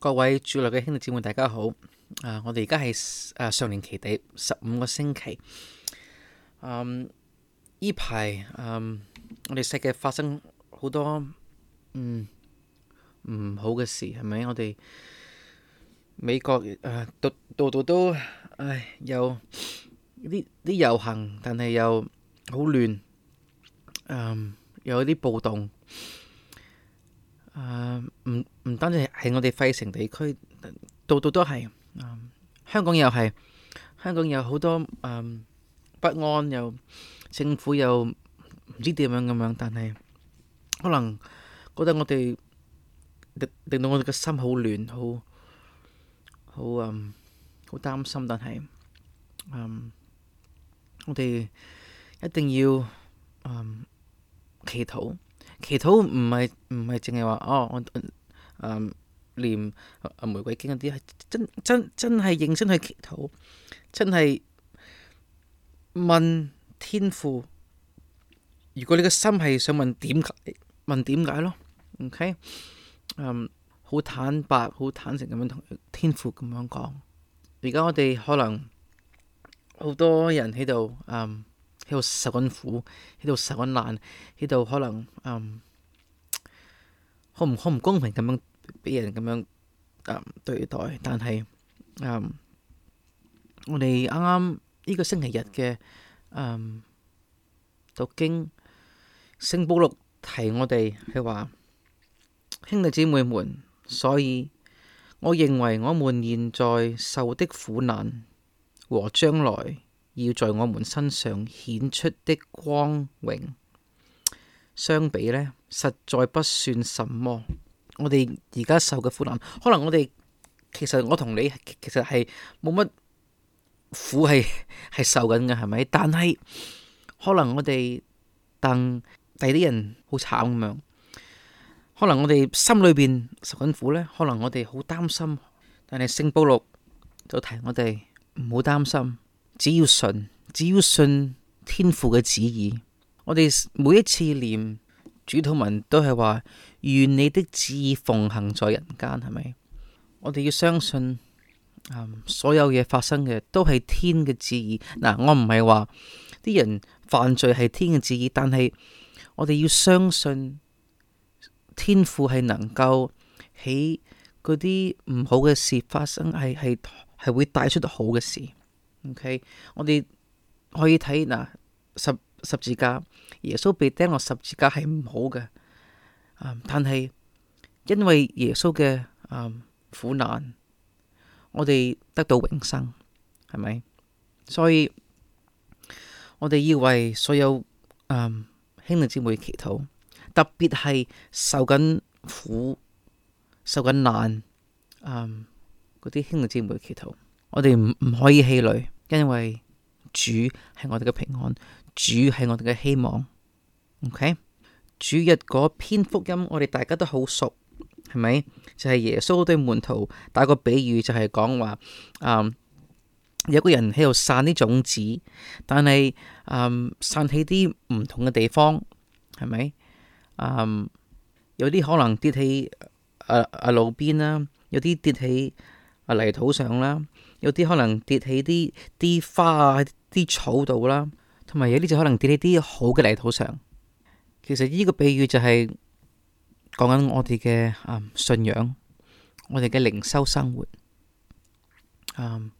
各位主內嘅兄弟姊妹，大家好。誒、uh,，我哋而家係誒上年期第十五個星期。Um, um, 嗯，依排嗯我哋世界發生好多嗯唔好嘅事，係咪？我哋美國誒度度都，唉，有啲啲遊行，但係又好亂。又、um, 有啲暴動。誒，唔唔、uh, 單止喺我哋費城地區，度度都係、嗯，香港又係，香港有好多誒、嗯、不安，又政府又唔知點樣咁樣，但係可能覺得我哋令到我哋嘅心好亂，好好誒，好、嗯、擔心，但係，嗯，我哋一定要、嗯、祈禱。祈禱唔係唔係淨係話哦，我嗯唸玫瑰經嗰啲，係真真真係認真去祈禱，真係問天父。如果你個心係想問點解問點解咯？OK，嗯，好坦白、好坦誠咁樣同天父咁樣講。而家我哋可能好多人喺度喺度受緊苦，喺度受緊難，喺度可能嗯，好唔好唔公平咁樣俾人咁樣嗯對待，但係嗯，我哋啱啱呢個星期日嘅嗯讀經，聖保祿提我哋係話，兄弟姊妹們，所以我認為我們現在受的苦難和將來，要在我們身上顯出的光榮，相比呢，實在不算什麼。我哋而家受嘅苦難，可能我哋其實我同你其實係冇乜苦係係受緊嘅，係咪？但係可能我哋等第啲人好慘咁樣，可能我哋心裏邊受緊苦呢，可能我哋好擔心，但係聖保祿就提我哋唔好擔心。只要信，只要信天父嘅旨意，我哋每一次念主禱文都係話願你的旨意奉行在人間，係咪？我哋要相信，嗯，所有嘢發生嘅都係天嘅旨意。嗱，我唔係話啲人犯罪係天嘅旨意，但係我哋要相信天父係能夠起嗰啲唔好嘅事發生，係係係會帶出好嘅事。O.K. 我哋可以睇嗱十十字架，耶穌被釘落十字架係唔好嘅，嗯，但係因為耶穌嘅，嗯、苦難，我哋得到永生，係咪？所以我哋要為所有、嗯、兄弟姐妹祈禱，特別係受緊苦、受緊難嗰啲、嗯、兄弟姐妹祈禱。我哋唔唔可以氣餒，因為主係我哋嘅平安，主係我哋嘅希望。O、okay? K，主日嗰篇福音，我哋大家都好熟，係咪？就係、是、耶穌對門徒打個比喻，就係講話，嗯，有個人喺度散啲種子，但係，嗯，散喺啲唔同嘅地方，係咪？嗯，有啲可能跌喺啊啊路邊啦，有啲跌喺泥土上啦，有啲可能跌喺啲啲花啊、啲草度啦，同埋有啲就可能跌喺啲好嘅泥土上。其實呢個比喻就係、是、講緊我哋嘅啊信仰，我哋嘅靈修生活。啊、嗯，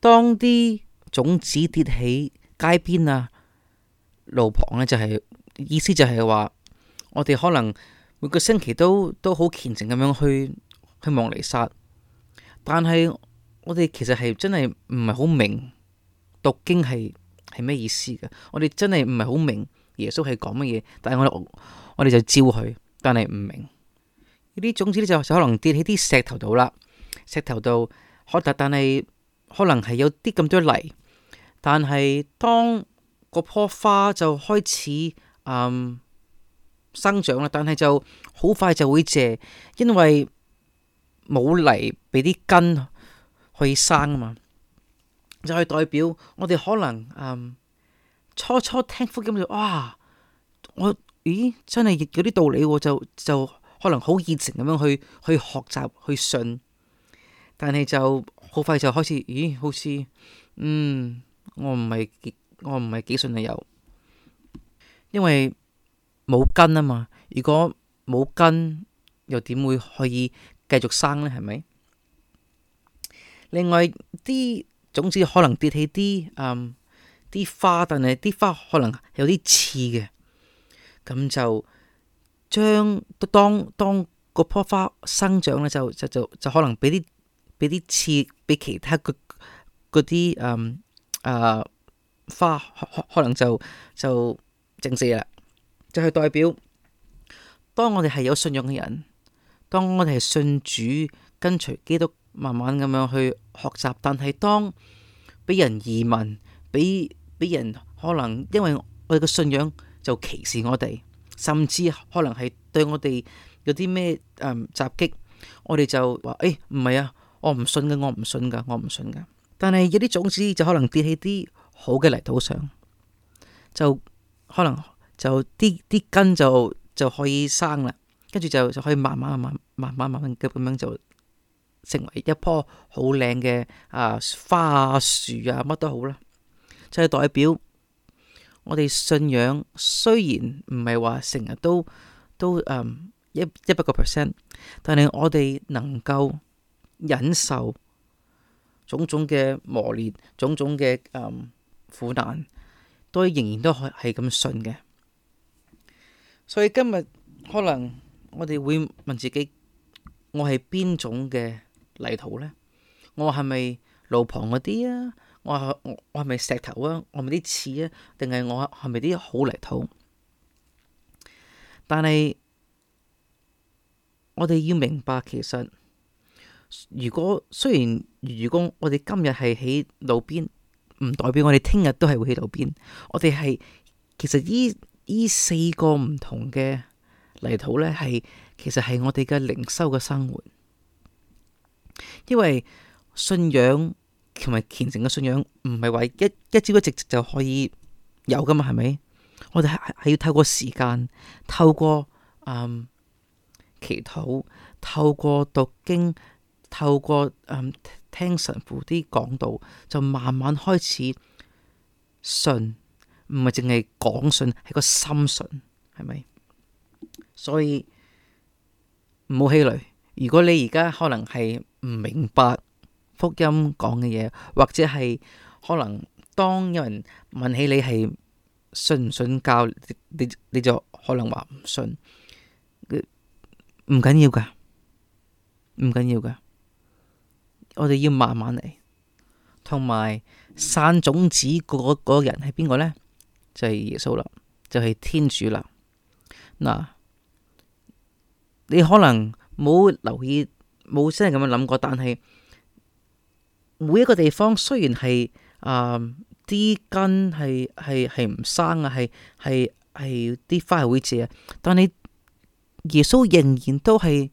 當啲種子跌喺街邊啊、路旁咧，就係、是、意思就係話，我哋可能每個星期都都好虔誠咁樣去去望彌撒。但係我哋其實係真係唔係好明讀經係係咩意思嘅，我哋真係唔係好明耶穌係講乜嘢，但係我哋我哋就招佢，但係唔明呢啲種子咧就，就可能跌喺啲石頭度啦，石頭度好但係可能係有啲咁多泥，但係當個棵花就開始、嗯、生長啦，但係就好快就會謝，因為。冇泥俾啲根去生啊嘛，就係代表我哋可能嗯初初聽福音就哇，我咦真係有啲道理啊，就就可能好熱情咁樣去去學習去信，但係就好快就開始咦好似嗯我唔係我唔係幾信你！」又因為冇根啊嘛，如果冇根又點會可以？繼續生呢係咪？另外啲種子可能跌喺啲啲、嗯、花，但係啲花可能有啲刺嘅，咁就將當當棵花生長呢，就就就就可能俾啲俾啲刺俾其他嗰啲、嗯啊、花可，可能就就整死啦，就係、就是、代表當我哋係有信用嘅人。當我哋係信主、跟隨基督，慢慢咁樣去學習，但係當俾人移民、俾俾人可能因為我哋嘅信仰就歧視我哋，甚至可能係對我哋有啲咩誒襲擊，我哋就話誒唔係啊，我唔信噶，我唔信噶，我唔信噶。但係有啲種子就可能跌喺啲好嘅泥土上，就可能就啲啲根就就可以生啦。跟住就就可以慢慢、慢、慢慢、慢慢咁樣就成為一棵好靚嘅啊花樹啊，乜都好啦。就係代表我哋信仰，雖然唔係話成日都都嗯一一百個 percent，但係我哋能夠忍受種種嘅磨練、種種嘅嗯苦難，都仍然都係咁信嘅。所以今日可能。我哋會問自己：我係邊種嘅泥土呢？我係咪路旁嗰啲啊？我係我係咪石頭啊？我係咪啲刺啊？定係我係咪啲好泥土？但係我哋要明白，其實如果雖然如果我哋今日係喺路邊，唔代表我哋聽日都係會喺路邊。我哋係其實依依四個唔同嘅。泥土呢，係，其實係我哋嘅靈修嘅生活，因為信仰同埋虔誠嘅信仰唔係話一一朝一夕就可以有㗎嘛，係咪？我哋係係要透過時間，透過嗯祈禱，透過讀經，透過嗯聽神父啲講道，就慢慢開始信，唔係淨係講信，係個心信，係咪？所以唔好氣餒。如果你而家可能係唔明白福音講嘅嘢，或者係可能當有人問起你係信唔信教，你你就可能話唔信。唔緊要噶，唔緊要噶，我哋要慢慢嚟。同埋撒種子嗰嗰個人係邊個呢？就係耶穌啦，就係天主啦。嗱。你可能冇留意，冇真係咁樣諗過。但係每一個地方雖然係啊啲根係係係唔生啊，係係係啲花係會謝啊，但係耶穌仍然都係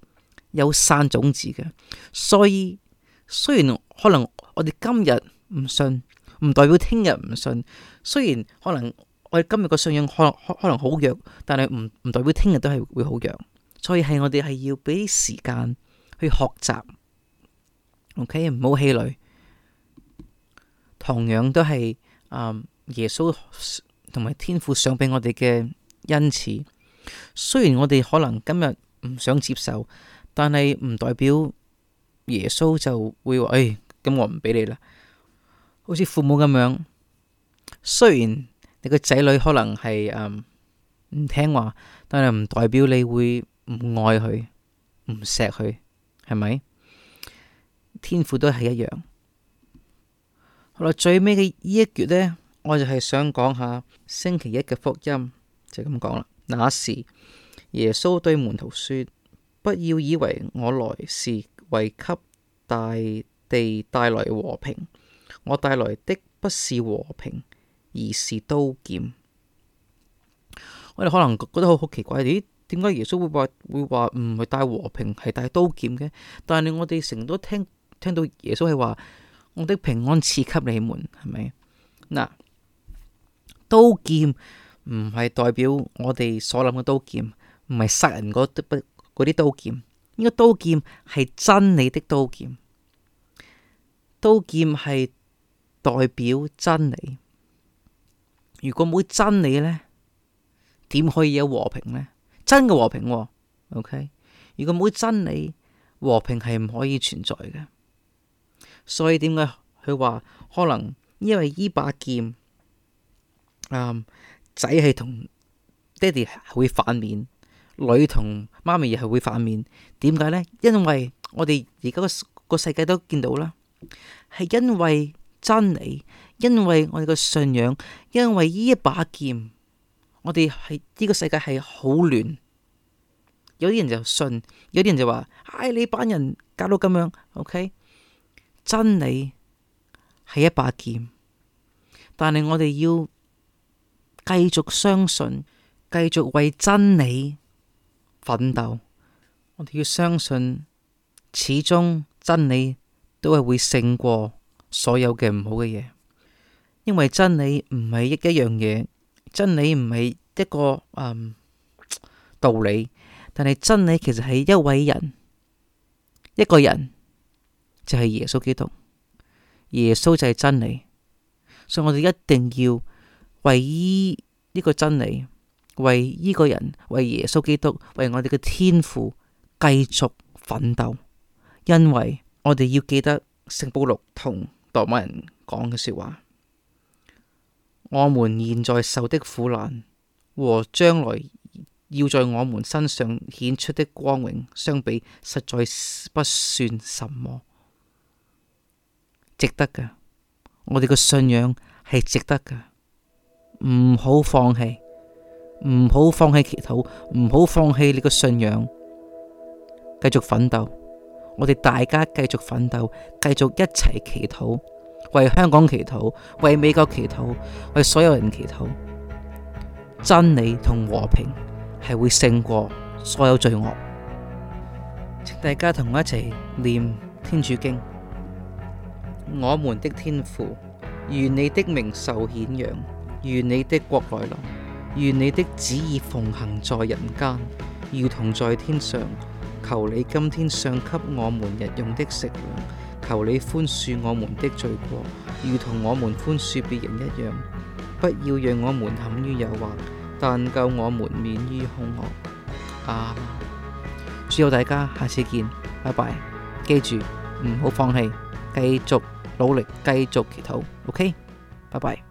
有散種子嘅。所以雖然可能我哋今日唔信，唔代表聽日唔信。雖然可能我哋今日個信仰可能可，可能好弱，但係唔唔代表聽日都係會好弱。所以係我哋係要俾啲時間去學習，OK，唔好氣餒。同樣都係啊，耶穌同埋天父想俾我哋嘅恩賜。雖然我哋可能今日唔想接受，但係唔代表耶穌就會話，唉，咁我唔俾你啦。好似父母咁樣，雖然你個仔女可能係嗯唔聽話，但係唔代表你會。唔愛佢，唔錫佢，係咪天父都係一樣？好啦，最尾嘅呢一節呢，我就係想講下星期一嘅福音就咁講啦。那時耶穌對門徒說：不要以為我來是為給大地帶來和平，我帶來的不是和平，而是刀劍。我哋可能覺得好好奇怪，咦？點解耶穌會話會話唔係帶和平，係帶刀劍嘅？但係我哋成日都聽聽到耶穌係話，我的平安賜給你們，係咪？嗱，刀劍唔係代表我哋所諗嘅刀劍，唔係殺人嗰啲刀劍。應該刀劍係真理的刀劍，刀劍係代表真理。如果冇真理呢，點可以有和平呢？真嘅和平，哦，OK？如果冇真理，和平係唔可以存在嘅。所以點解佢話，可能因為呢把劍，啊仔係同爹哋會反面，女同媽咪又係會反面。點解咧？因為我哋而家個個世界都見到啦，係因為真理，因為我哋個信仰，因為呢一把劍，我哋係呢個世界係好亂。有啲人就信，有啲人就話，唉，你班人搞到咁樣。OK，真理係一把劍，但係我哋要繼續相信，繼續為真理奮鬥。我哋要相信，始終真理都係會勝過所有嘅唔好嘅嘢，因為真理唔係一一樣嘢，真理唔係一個嗯道理。但係真理其實係一位人，一個人就係耶穌基督，耶穌就係真理，所以我哋一定要為呢個真理，為呢個人，為耶穌基督，為我哋嘅天父繼續奮鬥，因為我哋要記得聖保祿同羅馬人講嘅說話，我們現在受的苦難和將來要在我們身上顯出的光榮相比，實在不算什麼，值得嘅。我哋嘅信仰係值得嘅，唔好放棄，唔好放棄祈禱，唔好放棄你嘅信仰，繼續奮鬥。我哋大家繼續奮鬥，繼續一齊祈禱，為香港祈禱，為美國祈禱，為所有人祈禱，真理同和、和平。係會勝過所有罪惡，請大家同我一齊念天主經。我們的天父，願你的名受顯揚，願你的國來臨，願你的旨意奉行在人間，如同在天上。求你今天上給我們日用的食糧，求你寬恕我們的罪過，如同我們寬恕別人一樣，不要讓我們陷於誘惑。但救我們免於兇惡。阿們。祝大家，下次見，拜拜。記住唔好放棄，繼續努力，繼續祈禱。OK，拜拜。